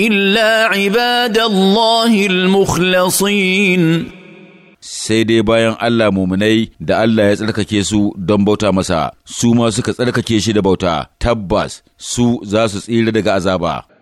إلا عباد الله المخلصين sai dai bayan Allah muminai da Allah ya tsarkake su don bauta masa, su ma suka tsarkake shi da bauta, tabbas su za su tsira daga azaba.